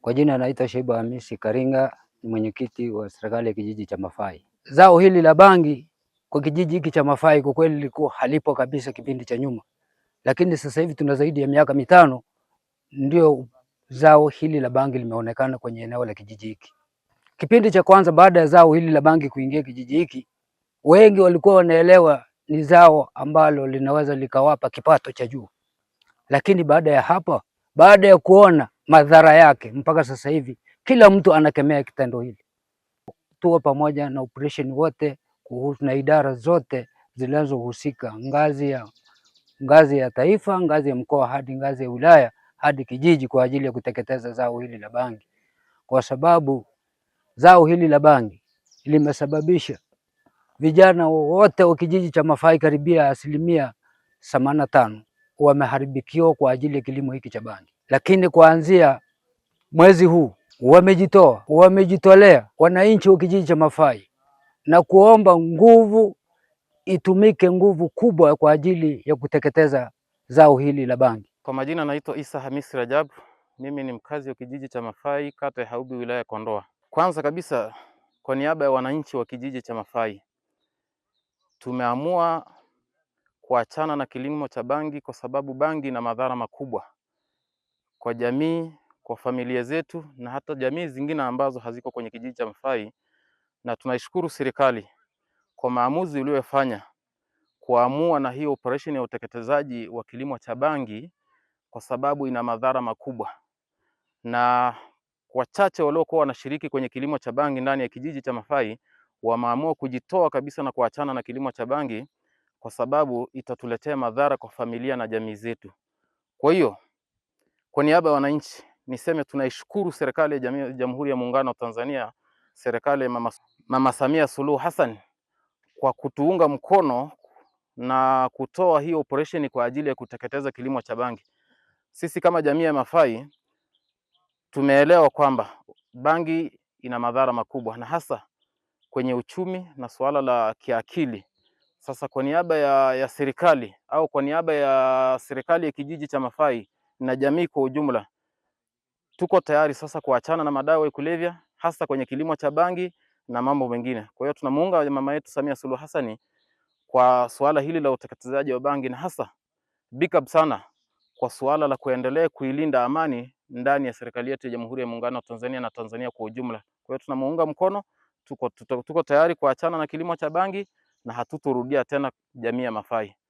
Kwa jina anaitwa Shaibu Hamisi Karinga, ni mwenyekiti wa serikali ya kijiji cha Mafai. Zao hili la bangi kwa kijiji hiki cha Mafai kwa kweli lilikuwa halipo kabisa kipindi cha nyuma, lakini sasa hivi tuna zaidi ya miaka mitano ndio zao hili la bangi limeonekana kwenye eneo la kijiji hiki. Kipindi cha kwanza baada ya zao hili la bangi kuingia kijiji hiki, wengi walikuwa wanaelewa ni zao ambalo linaweza likawapa kipato cha juu, lakini baada ya hapa, baada ya kuona madhara yake mpaka sasa hivi kila mtu anakemea kitendo hili. Tuwe pamoja na operation wote kuhusu na idara zote zinazohusika ngazi ya, ngazi ya taifa, ngazi ya mkoa, hadi ngazi ya wilaya, hadi kijiji kwa ajili ya kuteketeza zao hili la bangi, kwa sababu zao hili la bangi limesababisha vijana wote wa kijiji cha Mafai karibia asilimia themanini na tano wameharibikiwa kwa ajili ya kilimo hiki cha bangi lakini kuanzia mwezi huu wamejitoa, wamejitolea wananchi wa kijiji cha Mafai na kuomba nguvu itumike, nguvu kubwa kwa ajili ya kuteketeza zao hili la bangi. Kwa majina naitwa Isa Hamis Rajabu, mimi ni mkazi wa kijiji cha Mafai, kata ya Haubi, wilaya ya Kondoa. Kwanza kabisa, kwa niaba ya wananchi wa kijiji cha Mafai tumeamua kuachana na kilimo cha bangi kwa sababu bangi ina madhara makubwa kwa jamii, kwa familia zetu na hata jamii zingine ambazo haziko kwenye kijiji cha Mafai, na tunaishukuru serikali kwa maamuzi uliyofanya kuamua na hiyo operation ya uteketezaji wa kilimo cha bangi, kwa sababu ina madhara makubwa, na wachache waliokuwa wanashiriki kwenye kilimo cha bangi ndani ya kijiji cha Mafai wameamua kujitoa kabisa na kuachana na kilimo cha bangi, kwa sababu itatuletea madhara kwa familia na jamii zetu. Kwa hiyo kwa niaba ya wananchi niseme tunaishukuru serikali ya Jamhuri ya Muungano wa Tanzania, serikali ya Mama, Mama Samia Suluhu Hassan kwa kutuunga mkono na kutoa hii operation kwa ajili ya kuteketeza kilimo cha bangi. Sisi kama jamii ya Mafai tumeelewa kwamba bangi ina madhara makubwa na hasa kwenye uchumi na suala la kiakili. Sasa kwa niaba ya, ya serikali au kwa niaba ya serikali ya kijiji cha Mafai na jamii kwa ujumla. Tuko tayari sasa kuachana na madawa ya kulevya hasa kwenye kilimo cha bangi na mambo mengine. Kwa hiyo tunamuunga mama yetu Samia Suluhu Hassan kwa suala hili la utakatezaji wa bangi na hasa big up sana kwa suala la kuendelea kuilinda amani ndani ya serikali yetu ya Jamhuri ya Muungano wa Tanzania na Tanzania kwa ujumla. Kwa hiyo tunamuunga mkono, tuko, tuko, tuko tayari kuachana na kilimo cha bangi na hatuturudia tena jamii ya Mafai.